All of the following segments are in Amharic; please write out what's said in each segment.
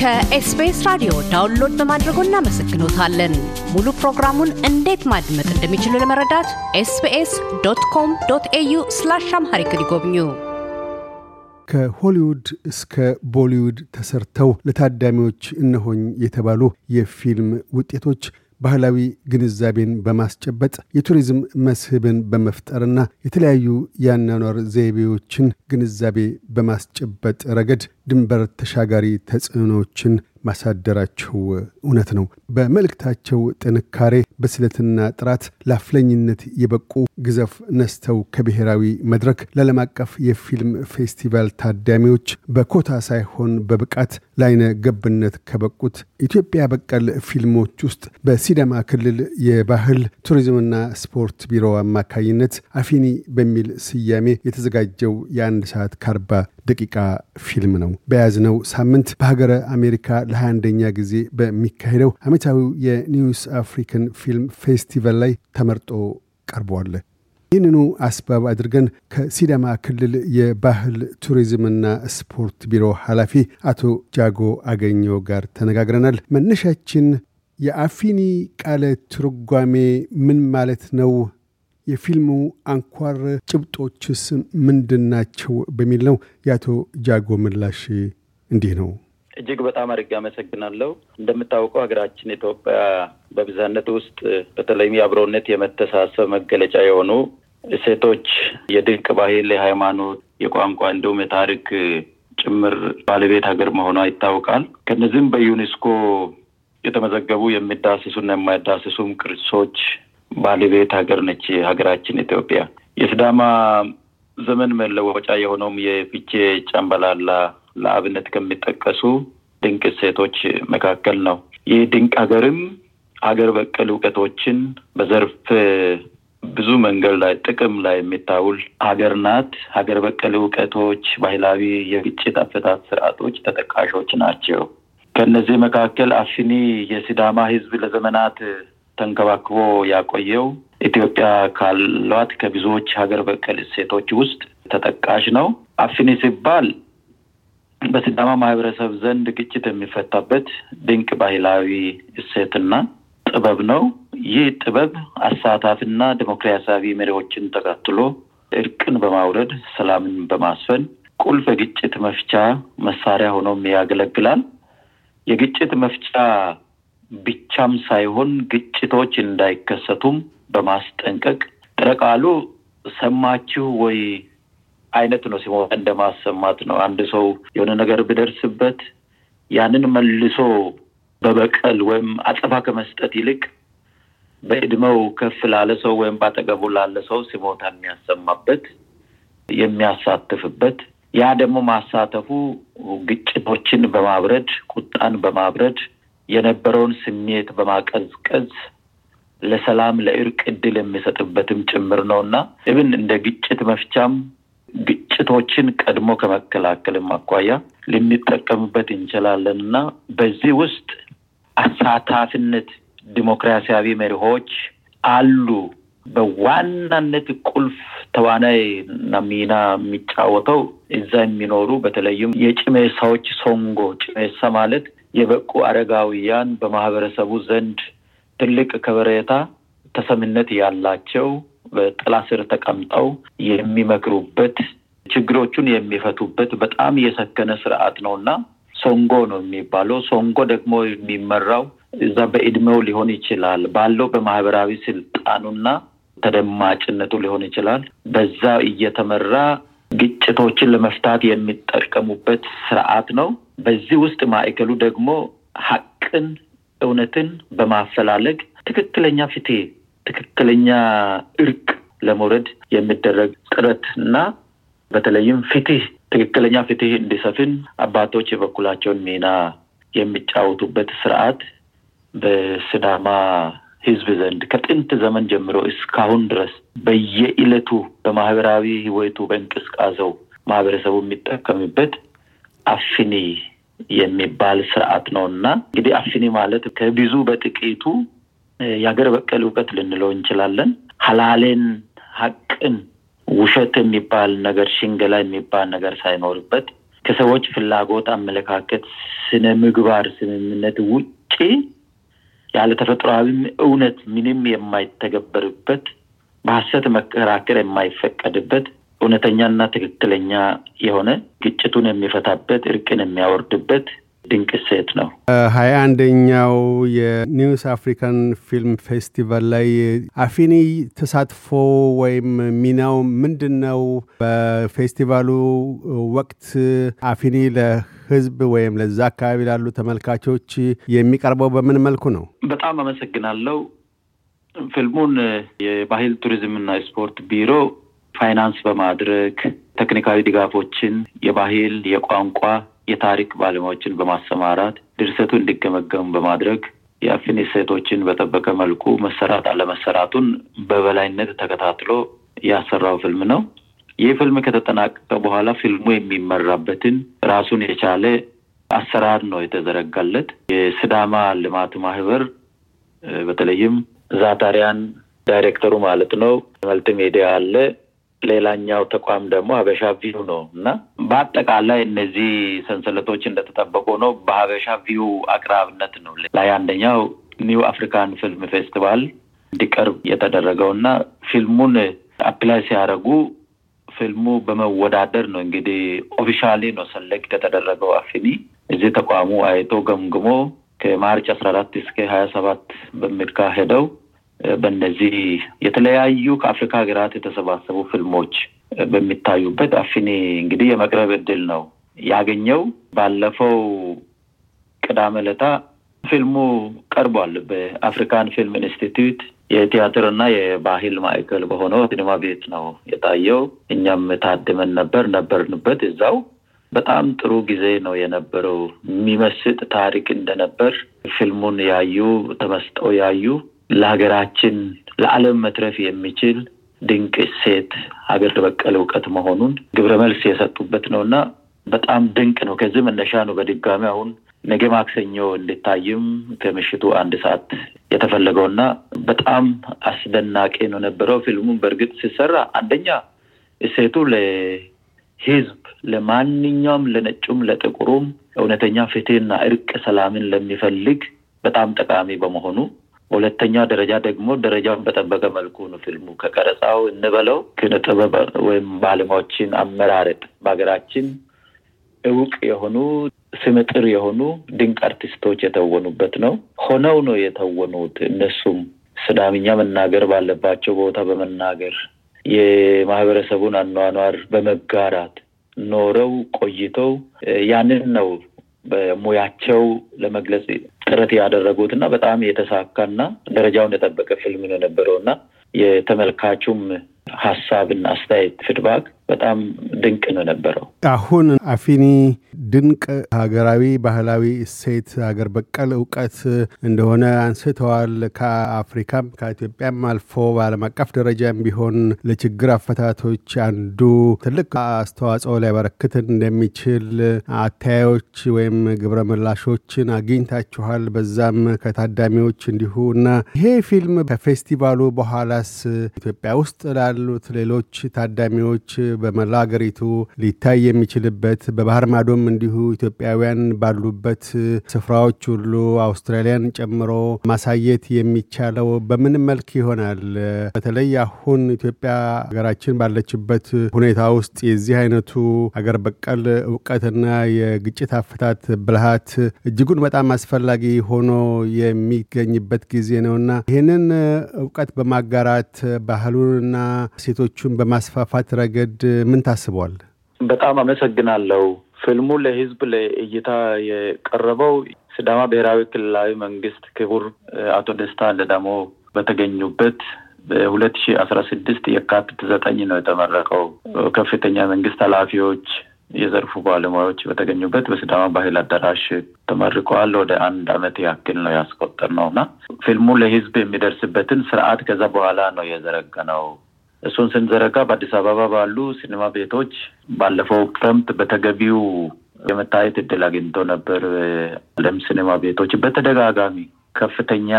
ከኤስቢኤስ ራዲዮ ዳውንሎድ በማድረጎ እናመሰግኖታለን። ሙሉ ፕሮግራሙን እንዴት ማድመጥ እንደሚችሉ ለመረዳት ኤስቢኤስ ዶት ኮም ዶት ኤዩ ስላሽ አምሃሪክ ይጎብኙ። ከሆሊውድ እስከ ቦሊውድ ተሰርተው ለታዳሚዎች እነሆኝ የተባሉ የፊልም ውጤቶች ባህላዊ ግንዛቤን በማስጨበጥ የቱሪዝም መስህብን በመፍጠርና የተለያዩ የአኗኗር ዘይቤዎችን ግንዛቤ በማስጨበጥ ረገድ ድንበር ተሻጋሪ ተጽዕኖዎችን ማሳደራቸው እውነት ነው። በመልእክታቸው ጥንካሬ፣ በስለትና ጥራት ለአፍለኝነት የበቁ ግዘፍ ነስተው ከብሔራዊ መድረክ ለዓለም አቀፍ የፊልም ፌስቲቫል ታዳሚዎች በኮታ ሳይሆን በብቃት ለአይነ ገብነት ከበቁት ኢትዮጵያ በቀል ፊልሞች ውስጥ በሲዳማ ክልል የባህል ቱሪዝምና ስፖርት ቢሮ አማካይነት አፊኒ በሚል ስያሜ የተዘጋጀው የአንድ ሰዓት ከአርባ ደቂቃ ፊልም ነው። በያዝነው ሳምንት በሀገረ አሜሪካ ለ21ኛ ጊዜ በሚካሄደው ዓመታዊው የኒውስ አፍሪካን ፊልም ፌስቲቫል ላይ ተመርጦ ቀርቧል። ይህንኑ አስባብ አድርገን ከሲዳማ ክልል የባህል ቱሪዝምና ስፖርት ቢሮ ኃላፊ አቶ ጃጎ አገኘው ጋር ተነጋግረናል። መነሻችን የአፊኒ ቃለ ትርጓሜ ምን ማለት ነው? የፊልሙ አንኳር ጭብጦችስ ምንድን ናቸው? በሚል ነው የአቶ ጃጎ ምላሽ እንዲህ ነው። እጅግ በጣም አድርጌ አመሰግናለሁ። እንደምታውቀው ሀገራችን ኢትዮጵያ በብዝሃነት ውስጥ በተለይም የአብሮነት የመተሳሰብ መገለጫ የሆኑ እሴቶች የድንቅ ባህል፣ የሃይማኖት፣ የቋንቋ እንዲሁም የታሪክ ጭምር ባለቤት ሀገር መሆኗ ይታወቃል። ከነዚህም በዩኔስኮ የተመዘገቡ የሚዳስሱና የማይዳስሱም ቅርሶች ባለቤት ሀገር ነች ሀገራችን ኢትዮጵያ። የስዳማ ዘመን መለወጫ የሆነውም የፊቼ ጨምበላላ ለአብነት ከሚጠቀሱ ድንቅ እሴቶች መካከል ነው። ይህ ድንቅ ሀገርም ሀገር በቀል እውቀቶችን በዘርፍ ብዙ መንገድ ላይ ጥቅም ላይ የሚታውል ሀገር ናት። ሀገር በቀል እውቀቶች ባህላዊ የግጭት አፈታት ስርዓቶች ተጠቃሾች ናቸው። ከእነዚህ መካከል አፍኒ የሲዳማ ሕዝብ ለዘመናት ተንከባክቦ ያቆየው ኢትዮጵያ ካሏት ከብዙዎች ሀገር በቀል እሴቶች ውስጥ ተጠቃሽ ነው። አፍኒ ሲባል በሲዳማ ማህበረሰብ ዘንድ ግጭት የሚፈታበት ድንቅ ባህላዊ እሴትና ጥበብ ነው። ይህ ጥበብ አሳታፊና ዲሞክራሲያዊ መሪዎችን ተከትሎ እርቅን በማውረድ ሰላምን በማስፈን ቁልፍ የግጭት መፍቻ መሳሪያ ሆኖም ያገለግላል። የግጭት መፍቻ ብቻም ሳይሆን ግጭቶች እንዳይከሰቱም በማስጠንቀቅ ጥረ ቃሉ ሰማችሁ ወይ አይነት ነው። ሲሞ እንደማሰማት ነው። አንድ ሰው የሆነ ነገር ብደርስበት ያንን መልሶ በበቀል ወይም አጸፋ ከመስጠት ይልቅ በእድሜው ከፍ ላለ ሰው ወይም ባጠገቡ ላለ ሰው ሲሞታ የሚያሰማበት የሚያሳትፍበት ያ ደግሞ ማሳተፉ ግጭቶችን በማብረድ ቁጣን በማብረድ የነበረውን ስሜት በማቀዝቀዝ ለሰላም ለእርቅ እድል የሚሰጥበትም ጭምር ነው እና እብን እንደ ግጭት መፍቻም ግጭቶችን ቀድሞ ከመከላከልም አኳያ ልንጠቀምበት እንችላለን እና በዚህ ውስጥ አሳታፊነት፣ ዲሞክራሲያዊ መሪሆች አሉ። በዋናነት ቁልፍ ተዋናይ እና ሚና የሚጫወተው እዛ የሚኖሩ በተለይም የጭሜሳዎች ሶንጎ ጭሜሳ ማለት የበቁ አረጋውያን በማህበረሰቡ ዘንድ ትልቅ ከበሬታ፣ ተሰሚነት ያላቸው በጥላ ስር ተቀምጠው የሚመክሩበት ችግሮቹን የሚፈቱበት በጣም የሰከነ ስርዓት ነው እና ሶንጎ ነው የሚባለው። ሶንጎ ደግሞ የሚመራው እዛ በእድሜው ሊሆን ይችላል ባለው በማህበራዊ ስልጣኑና ተደማጭነቱ ሊሆን ይችላል። በዛ እየተመራ ግጭቶችን ለመፍታት የሚጠቀሙበት ስርዓት ነው። በዚህ ውስጥ ማዕከሉ ደግሞ ሀቅን፣ እውነትን በማፈላለግ ትክክለኛ ፍትህ ትክክለኛ እርቅ ለመውረድ የሚደረግ ጥረት እና በተለይም ፍትህ ትክክለኛ ፍትህ እንዲሰፍን አባቶች የበኩላቸውን ሚና የሚጫወቱበት ስርዓት በስዳማ ህዝብ ዘንድ ከጥንት ዘመን ጀምሮ እስካሁን ድረስ በየዕለቱ በማህበራዊ ህይወቱ በእንቅስቃሴው ማህበረሰቡ የሚጠቀምበት አፍኒ የሚባል ስርዓት ነው እና እንግዲህ አፍኒ ማለት ከብዙ በጥቂቱ የሀገር በቀል እውቀት ልንለው እንችላለን። ሀላሌን፣ ሀቅን፣ ውሸት የሚባል ነገር ሽንገላ የሚባል ነገር ሳይኖርበት ከሰዎች ፍላጎት፣ አመለካከት፣ ስነ ምግባር፣ ስምምነት ውጪ ያለ ተፈጥሯዊም እውነት ምንም የማይተገበርበት በሀሰት መከራከር የማይፈቀድበት እውነተኛና ትክክለኛ የሆነ ግጭቱን የሚፈታበት እርቅን የሚያወርድበት ድንቅ ሴት ነው። ሀያ አንደኛው የኒውስ አፍሪካን ፊልም ፌስቲቫል ላይ አፊኒ ተሳትፎ ወይም ሚናው ምንድን ነው? በፌስቲቫሉ ወቅት አፊኒ ለህዝብ ወይም ለዛ አካባቢ ላሉ ተመልካቾች የሚቀርበው በምን መልኩ ነው? በጣም አመሰግናለሁ። ፊልሙን የባህል ቱሪዝምና ስፖርት ቢሮ ፋይናንስ በማድረግ ቴክኒካዊ ድጋፎችን፣ የባህል፣ የቋንቋ፣ የታሪክ ባለሙያዎችን በማሰማራት ድርሰቱ እንዲገመገሙ በማድረግ የአፍን ሴቶችን በጠበቀ መልኩ መሰራት አለመሰራቱን በበላይነት ተከታትሎ ያሰራው ፊልም ነው። ይህ ፊልም ከተጠናቀቀ በኋላ ፊልሙ የሚመራበትን ራሱን የቻለ አሰራር ነው የተዘረጋለት። የስዳማ ልማት ማህበር በተለይም ዛታሪያን ዳይሬክተሩ ማለት ነው መልቲ ሜዲያ አለ ሌላኛው ተቋም ደግሞ ሀበሻ ቪው ነው እና በአጠቃላይ እነዚህ ሰንሰለቶች እንደተጠበቁ ነው። በሀበሻ ቪው አቅራብነት ነው ላይ አንደኛው ኒው አፍሪካን ፊልም ፌስቲቫል እንዲቀርብ የተደረገው እና ፊልሙን አፕላይ ሲያደርጉ ፊልሙ በመወዳደር ነው እንግዲህ ኦፊሻሌ ነው ሰለክት የተደረገው። አፊኒ እዚህ ተቋሙ አይቶ ገምግሞ ከማርች አስራ አራት እስከ ሀያ ሰባት በሚካሄደው በእነዚህ የተለያዩ ከአፍሪካ ሀገራት የተሰባሰቡ ፊልሞች በሚታዩበት አፊኒ እንግዲህ የመቅረብ እድል ነው ያገኘው። ባለፈው ቅዳሜ ዕለት ፊልሙ ቀርቧል። በአፍሪካን ፊልም ኢንስቲትዩት የቲያትር እና የባህል ማዕከል በሆነው ሲኒማ ቤት ነው የታየው። እኛም ታድመን ነበር፣ ነበርንበት እዛው። በጣም ጥሩ ጊዜ ነው የነበረው። የሚመስጥ ታሪክ እንደነበር ፊልሙን ያዩ ተመስጠው ያዩ ለሀገራችን ለዓለም መትረፍ የሚችል ድንቅ እሴት ሀገር በቀል እውቀት መሆኑን ግብረ መልስ የሰጡበት ነው እና በጣም ድንቅ ነው። ከዚህ መነሻ ነው በድጋሚ አሁን ነገ ማክሰኞ እንድታይም ከምሽቱ አንድ ሰዓት የተፈለገው እና በጣም አስደናቂ ነው ነበረው። ፊልሙን በእርግጥ ሲሰራ አንደኛ እሴቱ ለህዝብ ለማንኛውም ለነጩም ለጥቁሩም እውነተኛ ፍትህና እርቅ ሰላምን ለሚፈልግ በጣም ጠቃሚ በመሆኑ ሁለተኛ ደረጃ ደግሞ ደረጃውን በጠበቀ መልኩ ነው ፊልሙ ከቀረጻው እንበለው ኪነጥበብ ወይም ባለሙያዎችን አመራረጥ በሀገራችን እውቅ የሆኑ ስምጥር የሆኑ ድንቅ አርቲስቶች የተወኑበት ነው። ሆነው ነው የተወኑት። እነሱም ስዳምኛ መናገር ባለባቸው ቦታ በመናገር የማህበረሰቡን አኗኗር በመጋራት ኖረው ቆይተው ያንን ነው በሙያቸው ለመግለጽ ጥረት ያደረጉት እና በጣም የተሳካና ደረጃውን የጠበቀ ፊልም ነው የነበረው እና የተመልካቹም ሀሳብና አስተያየት ፊድባክ በጣም ድንቅ ነው ነበረው። አሁን አፊኒ ድንቅ ሀገራዊ ባህላዊ እሴት ሀገር በቀል እውቀት እንደሆነ አንስተዋል። ከአፍሪካም ከኢትዮጵያም አልፎ በዓለም አቀፍ ደረጃም ቢሆን ለችግር አፈታቶች አንዱ ትልቅ አስተዋጽኦ ሊያበረክት እንደሚችል አተያዮች ወይም ግብረ ምላሾችን አግኝታችኋል። በዛም ከታዳሚዎች እንዲሁ እና ይሄ ፊልም ከፌስቲቫሉ በኋላስ ኢትዮጵያ ውስጥ ላሉት ሌሎች ታዳሚዎች በመላ አገሪቱ ሊታይ የሚችልበት በባህር ማዶም እንዲሁ ኢትዮጵያውያን ባሉበት ስፍራዎች ሁሉ አውስትራሊያን ጨምሮ ማሳየት የሚቻለው በምን መልክ ይሆናል? በተለይ አሁን ኢትዮጵያ ሀገራችን ባለችበት ሁኔታ ውስጥ የዚህ አይነቱ ሀገር በቀል እውቀትና የግጭት አፈታት ብልሃት እጅጉን በጣም አስፈላጊ ሆኖ የሚገኝበት ጊዜ ነውና ይህንን እውቀት በማጋራት ባህሉንና ሴቶቹን በማስፋፋት ረገድ ምን ታስበዋል? በጣም አመሰግናለሁ። ፊልሙ ለህዝብ ለእይታ የቀረበው ሲዳማ ብሔራዊ ክልላዊ መንግስት ክቡር አቶ ደስታ ለዳሞ በተገኙበት በሁለት ሺ አስራ ስድስት የካቲት ዘጠኝ ነው የተመረቀው። ከፍተኛ መንግስት ኃላፊዎች፣ የዘርፉ ባለሙያዎች በተገኙበት በሲዳማ ባህል አዳራሽ ተመርቀዋል። ወደ አንድ አመት ያክል ነው ያስቆጠር ነው እና ፊልሙ ለህዝብ የሚደርስበትን ስርዓት ከዛ በኋላ ነው የዘረገነው እሱን ስንዘረጋ በአዲስ አበባ ባሉ ሲኒማ ቤቶች ባለፈው ክረምት በተገቢው የመታየት እድል አግኝቶ ነበር። ዓለም ሲኒማ ቤቶች በተደጋጋሚ ከፍተኛ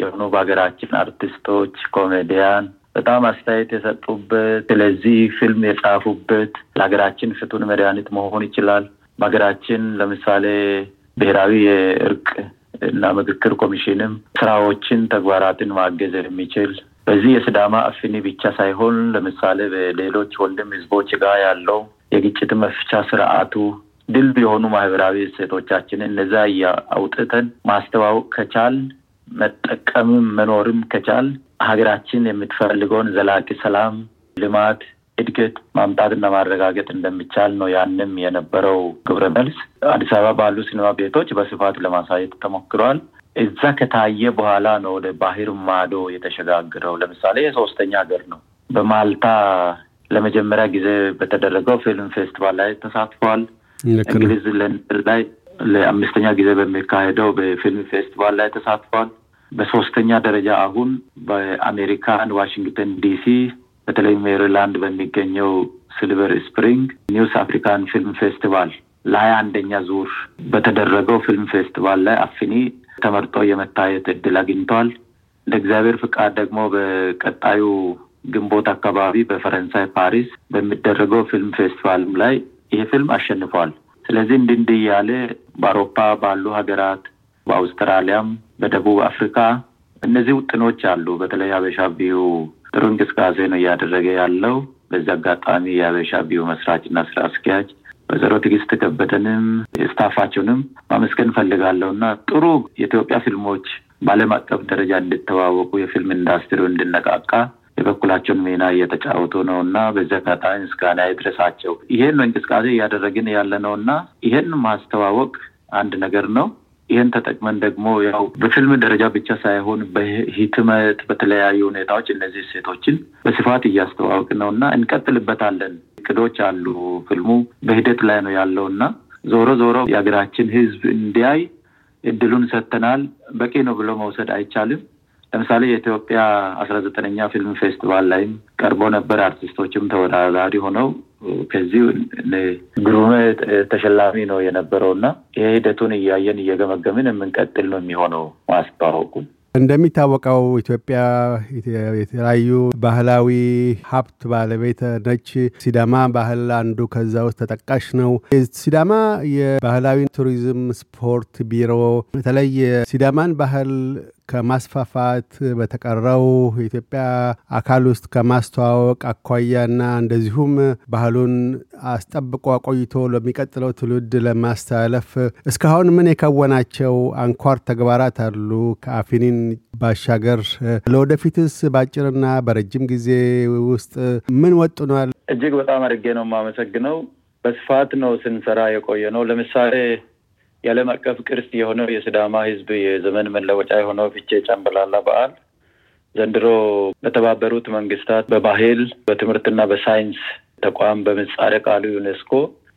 የሆኑ በሀገራችን አርቲስቶች፣ ኮሜዲያን በጣም አስተያየት የሰጡበት ስለዚህ ፊልም የጻፉበት ለሀገራችን ፍቱን መድኃኒት መሆን ይችላል። በሀገራችን ለምሳሌ ብሔራዊ የእርቅ እና ምክክር ኮሚሽንም ስራዎችን ተግባራትን ማገዝ የሚችል በዚህ የስዳማ አፍኔ ብቻ ሳይሆን ለምሳሌ በሌሎች ወንድም ህዝቦች ጋር ያለው የግጭት መፍቻ ስርዓቱ ድል የሆኑ ማህበራዊ እሴቶቻችን እነዛ አውጥተን ማስተዋወቅ ከቻል መጠቀምም መኖርም ከቻል ሀገራችን የምትፈልገውን ዘላቂ ሰላም፣ ልማት፣ እድገት ማምጣትና ማረጋገጥ እንደሚቻል ነው። ያንም የነበረው ግብረ መልስ አዲስ አበባ ባሉ ሲኒማ ቤቶች በስፋት ለማሳየት ተሞክሯል። እዛ ከታየ በኋላ ነው ወደ ባህር ማዶ የተሸጋግረው። ለምሳሌ ሶስተኛ ሀገር ነው። በማልታ ለመጀመሪያ ጊዜ በተደረገው ፊልም ፌስቲቫል ላይ ተሳትፏል። እንግሊዝ ለንደን ላይ ለአምስተኛ ጊዜ በሚካሄደው በፊልም ፌስቲቫል ላይ ተሳትፏል። በሶስተኛ ደረጃ አሁን በአሜሪካን ዋሽንግተን ዲሲ በተለይ ሜሪላንድ በሚገኘው ሲልቨር ስፕሪንግ ኒውስ አፍሪካን ፊልም ፌስቲቫል ለሀያ አንደኛ ዙር በተደረገው ፊልም ፌስቲቫል ላይ አፍኒ ተመርጦ የመታየት እድል አግኝተዋል። እንደ እግዚአብሔር ፍቃድ ደግሞ በቀጣዩ ግንቦት አካባቢ በፈረንሳይ ፓሪስ በሚደረገው ፊልም ፌስቲቫልም ላይ ይሄ ፊልም አሸንፏል። ስለዚህ እንዲህ እንዲህ እያለ በአውሮፓ ባሉ ሀገራት፣ በአውስትራሊያም፣ በደቡብ አፍሪካ እነዚህ ውጥኖች አሉ። በተለይ ሀበሻ ቢዩ ጥሩ እንቅስቃሴ ነው እያደረገ ያለው። በዚህ አጋጣሚ የሀበሻ ቢዩ መስራችና ስራ አስኪያጅ ወይዘሮ ትግስት ከበደንም ስታፋቸውንም ማመስገን ፈልጋለሁ እና ጥሩ የኢትዮጵያ ፊልሞች በዓለም አቀፍ ደረጃ እንድተዋወቁ የፊልም ኢንዳስትሪው እንድነቃቃ የበኩላቸውን ሚና እየተጫወቱ ነው እና በዚህ አጋጣሚ ምስጋና ይድረሳቸው። ይሄን ነው እንቅስቃሴ እያደረግን ያለ ነው እና ይሄን ማስተዋወቅ አንድ ነገር ነው። ይህን ተጠቅመን ደግሞ ያው በፊልም ደረጃ ብቻ ሳይሆን በህትመት በተለያዩ ሁኔታዎች እነዚህ ሴቶችን በስፋት እያስተዋወቅ ነው እና እንቀጥልበታለን። እቅዶች አሉ። ፊልሙ በሂደት ላይ ነው ያለው እና ዞሮ ዞሮ የሀገራችን ህዝብ እንዲያይ እድሉን ሰጥተናል። በቂ ነው ብሎ መውሰድ አይቻልም። ለምሳሌ የኢትዮጵያ አስራ ዘጠነኛ ፊልም ፌስቲቫል ላይም ቀርቦ ነበር። አርቲስቶችም ተወዳዳሪ ሆነው ከዚህ ግሩም ተሸላሚ ነው የነበረው እና ይሄ ሂደቱን እያየን እየገመገምን የምንቀጥል ነው የሚሆነው ማስተዋወቁ እንደሚታወቀው ኢትዮጵያ የተለያዩ ባህላዊ ሀብት ባለቤት ነች። ሲዳማ ባህል አንዱ ከዛ ውስጥ ተጠቃሽ ነው። ሲዳማ የባህላዊ ቱሪዝም ስፖርት ቢሮ በተለይ ሲዳማን ባህል ከማስፋፋት በተቀረው የኢትዮጵያ አካል ውስጥ ከማስተዋወቅ አኳያና እንደዚሁም ባህሉን አስጠብቆ አቆይቶ ለሚቀጥለው ትውልድ ለማስተላለፍ እስካሁን ምን የከወናቸው አንኳር ተግባራት አሉ? ከአፊኒን ባሻገር ለወደፊትስ በአጭርና በረጅም ጊዜ ውስጥ ምን ወጥኗል? እጅግ በጣም አድርጌ ነው የማመሰግነው። በስፋት ነው ስንሰራ የቆየ ነው። ለምሳሌ የዓለም አቀፍ ቅርስ የሆነው የስዳማ ህዝብ የዘመን መለወጫ የሆነው ፍቼ ጫምበላላ በዓል ዘንድሮ በተባበሩት መንግስታት በባህል በትምህርትና በሳይንስ ተቋም በምህጻረ ቃሉ ዩኔስኮ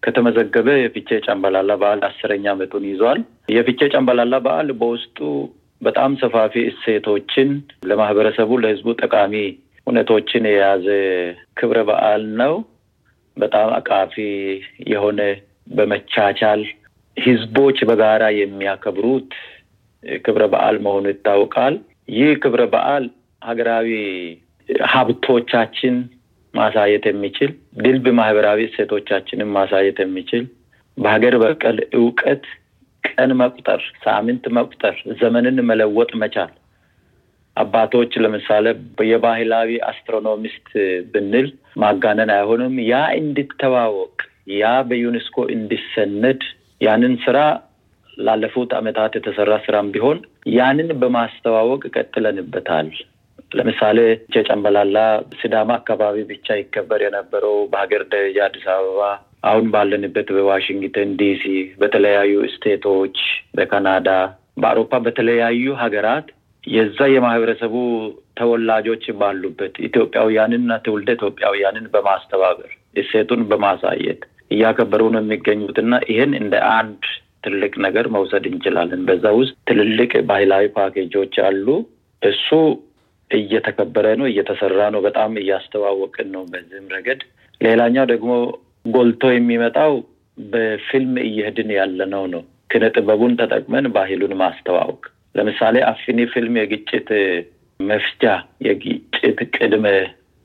ከተመዘገበ የፍቼ ጨምበላላ በዓል አስረኛ ዓመቱን ይዟል። የፍቼ ጨምበላላ በዓል በውስጡ በጣም ሰፋፊ እሴቶችን ለማህበረሰቡ ለህዝቡ ጠቃሚ እውነቶችን የያዘ ክብረ በዓል ነው። በጣም አቃፊ የሆነ በመቻቻል ህዝቦች በጋራ የሚያከብሩት ክብረ በዓል መሆኑ ይታወቃል። ይህ ክብረ በዓል ሀገራዊ ሀብቶቻችን ማሳየት የሚችል ድልብ ማህበራዊ እሴቶቻችንን ማሳየት የሚችል በሀገር በቀል እውቀት ቀን መቁጠር፣ ሳምንት መቁጠር፣ ዘመንን መለወጥ መቻል አባቶች ለምሳሌ የባህላዊ አስትሮኖሚስት ብንል ማጋነን አይሆንም። ያ እንዲተዋወቅ ያ በዩኔስኮ እንዲሰነድ ያንን ስራ ላለፉት አመታት የተሰራ ስራም ቢሆን ያንን በማስተዋወቅ ቀጥለንበታል። ለምሳሌ ጨጨንበላላ ሲዳማ አካባቢ ብቻ ይከበር የነበረው በሀገር ደረጃ አዲስ አበባ አሁን ባለንበት በዋሽንግተን ዲሲ፣ በተለያዩ ስቴቶች፣ በካናዳ፣ በአውሮፓ በተለያዩ ሀገራት የዛ የማህበረሰቡ ተወላጆች ባሉበት ኢትዮጵያውያንና ትውልደ ኢትዮጵያውያንን በማስተባበር እሴቱን በማሳየት እያከበሩ ነው የሚገኙት እና ይህን እንደ አንድ ትልቅ ነገር መውሰድ እንችላለን። በዛ ውስጥ ትልልቅ ባህላዊ ፓኬጆች አሉ። እሱ እየተከበረ ነው፣ እየተሰራ ነው፣ በጣም እያስተዋወቅን ነው በዚህም ረገድ። ሌላኛው ደግሞ ጎልቶ የሚመጣው በፊልም እየሄድን ያለነው ነው። ክነ ጥበቡን ተጠቅመን ባህሉን ማስተዋወቅ ለምሳሌ አፊኒ ፊልም የግጭት መፍቻ የግጭት ቅድመ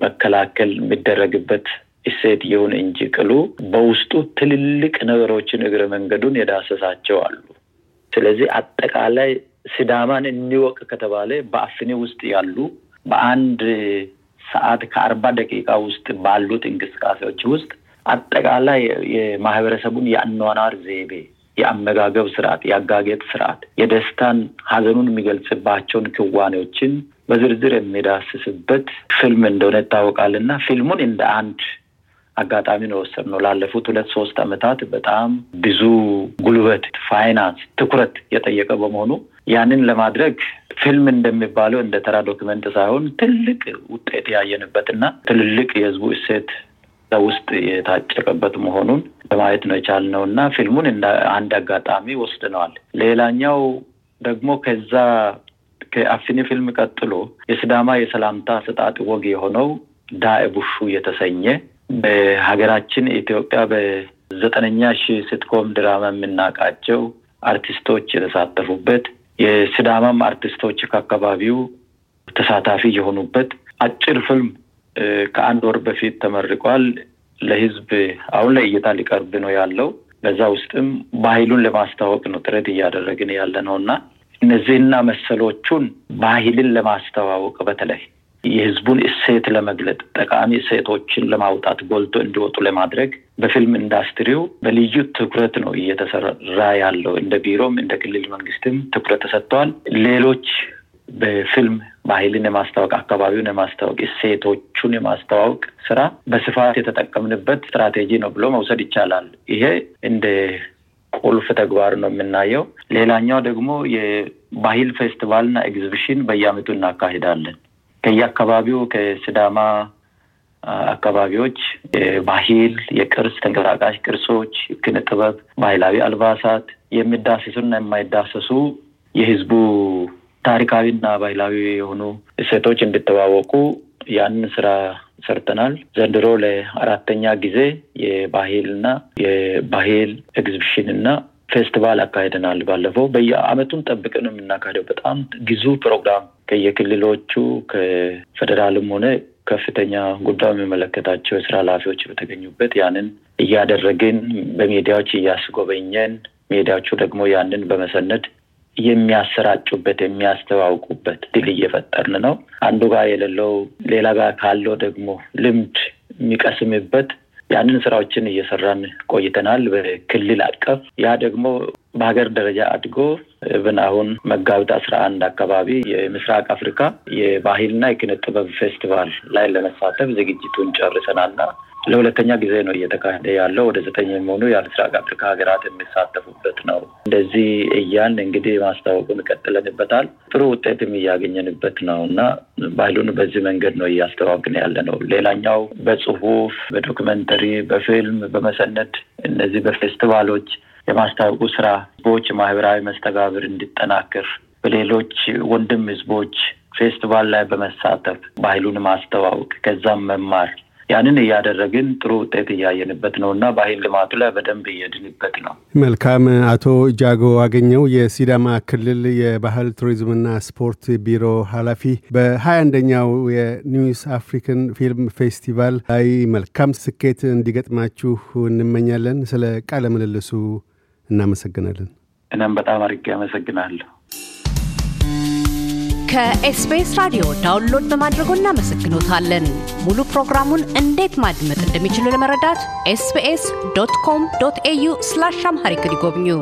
መከላከል የሚደረግበት እሴት ይሁን እንጂ ቅሉ በውስጡ ትልልቅ ነገሮችን እግረ መንገዱን የዳሰሳቸው አሉ። ስለዚህ አጠቃላይ ሲዳማን እንወቅ ከተባለ በአፍኔ ውስጥ ያሉ በአንድ ሰዓት ከአርባ ደቂቃ ውስጥ ባሉት እንቅስቃሴዎች ውስጥ አጠቃላይ የማህበረሰቡን የአኗኗር ዘይቤ፣ የአመጋገብ ስርዓት፣ የአጋጌጥ ስርዓት፣ የደስታን ሀዘኑን የሚገልጽባቸውን ክዋኔዎችን በዝርዝር የሚዳስስበት ፊልም እንደሆነ ይታወቃልና ፊልሙን እንደ አንድ አጋጣሚ ነው ነው ላለፉት ሁለት ሶስት ዓመታት በጣም ብዙ ጉልበት፣ ፋይናንስ፣ ትኩረት የጠየቀ በመሆኑ ያንን ለማድረግ ፊልም እንደሚባለው እንደ ተራ ዶክመንት ሳይሆን ትልቅ ውጤት ያየንበት እና ትልልቅ የህዝቡ እሴት ውስጥ የታጨቀበት መሆኑን ለማየት ነው የቻልነው እና ፊልሙን እንደ አንድ አጋጣሚ ወስድነዋል። ሌላኛው ደግሞ ከዛ ከአፊኒ ፊልም ቀጥሎ የስዳማ የሰላምታ ስጣጥ ወግ የሆነው ዳኤ ቡሹ የተሰኘ በሀገራችን ኢትዮጵያ በዘጠነኛ ሺህ ስትኮም ድራማ የምናውቃቸው አርቲስቶች የተሳተፉበት የስዳማም አርቲስቶች ከአካባቢው ተሳታፊ የሆኑበት አጭር ፊልም ከአንድ ወር በፊት ተመርቋል። ለህዝብ አሁን ለእይታ ሊቀርብ ነው ያለው። በዛ ውስጥም ባህሉን ለማስተዋወቅ ነው ጥረት እያደረግን ያለ ነው እና እነዚህና መሰሎቹን ባህልን ለማስተዋወቅ በተለይ የህዝቡን እሴት ለመግለጥ ጠቃሚ እሴቶችን ለማውጣት ጎልቶ እንዲወጡ ለማድረግ በፊልም ኢንዱስትሪው በልዩ ትኩረት ነው እየተሰራ ያለው። እንደ ቢሮም እንደ ክልል መንግስትም ትኩረት ተሰጥተዋል። ሌሎች በፊልም ባህልን የማስታወቅ አካባቢውን የማስታወቅ እሴቶቹን የማስተዋወቅ ስራ በስፋት የተጠቀምንበት ስትራቴጂ ነው ብሎ መውሰድ ይቻላል። ይሄ እንደ ቁልፍ ተግባር ነው የምናየው። ሌላኛው ደግሞ የባህል ፌስቲቫልና ኤግዚቢሽን በየአመቱ እናካሂዳለን። ከየአካባቢው ከስዳማ አካባቢዎች የባህል የቅርስ ተንቀሳቃሽ ቅርሶች፣ ኪነ ጥበብ፣ ባህላዊ አልባሳት የሚዳሰሱና የማይዳሰሱ የህዝቡ ታሪካዊና ባህላዊ የሆኑ እሴቶች እንዲተዋወቁ ያንን ስራ ሰርተናል። ዘንድሮ ለአራተኛ ጊዜ የባህልና የባህል ኤግዚቢሽን ፌስቲቫል አካሄደናል። ባለፈው በየአመቱን ጠብቀን የምናካሄደው በጣም ግዙ ፕሮግራም ከየክልሎቹ ከፌዴራልም ሆነ ከፍተኛ ጉዳዩ የሚመለከታቸው የስራ ኃላፊዎች በተገኙበት ያንን እያደረግን በሜዲያዎች እያስጎበኘን ሜዲያዎቹ ደግሞ ያንን በመሰነድ የሚያሰራጩበት የሚያስተዋውቁበት ድል እየፈጠርን ነው። አንዱ ጋር የሌለው ሌላ ጋር ካለው ደግሞ ልምድ የሚቀስምበት ያንን ስራዎችን እየሰራን ቆይተናል። በክልል አቀፍ ያ ደግሞ በሀገር ደረጃ አድጎ እብን አሁን መጋቢት አስራ አንድ አካባቢ የምስራቅ አፍሪካ የባህልና የኪነ ጥበብ ፌስቲቫል ላይ ለመሳተፍ ዝግጅቱን ጨርሰናልና ለሁለተኛ ጊዜ ነው እየተካሄደ ያለው። ወደ ዘጠኝ የሚሆኑ የምስራቅ አፍሪካ ሀገራት የሚሳተፉበት ነው። እንደዚህ እያን እንግዲህ ማስታወቁን ቀጥለንበታል። ጥሩ ውጤትም እያገኘንበት ነው እና ባህሉን በዚህ መንገድ ነው እያስተዋወቅን ያለ ነው። ሌላኛው በጽሁፍ፣ በዶክመንተሪ፣ በፊልም፣ በመሰነድ እነዚህ በፌስቲቫሎች የማስታወቁ ስራ ህዝቦች ማህበራዊ መስተጋብር እንዲጠናክር በሌሎች ወንድም ህዝቦች ፌስቲቫል ላይ በመሳተፍ ባህሉን ማስተዋወቅ ከዛም መማር ያንን እያደረግን ጥሩ ውጤት እያየንበት ነው እና ባህል ልማቱ ላይ በደንብ እየድንበት ነው። መልካም። አቶ ጃጎ አገኘው የሲዳማ ክልል የባህል ቱሪዝምና ስፖርት ቢሮ ኃላፊ በሀያ አንደኛው የኒውስ አፍሪካን ፊልም ፌስቲቫል ላይ መልካም ስኬት እንዲገጥማችሁ እንመኛለን። ስለ ቃለ ምልልሱ እናመሰግናለን። እናም በጣም አድርጌ አመሰግናለሁ። ከኤስቢኤስ ራዲዮ ዳውንሎድ በማድረጎ እናመሰግኖታለን። ሙሉ ፕሮግራሙን እንዴት ማድመጥ እንደሚችሉ ለመረዳት ኤስቢኤስ ዶት ኮም ዶት ኤዩ ስላሽ አምሃሪክ ይጎብኙ።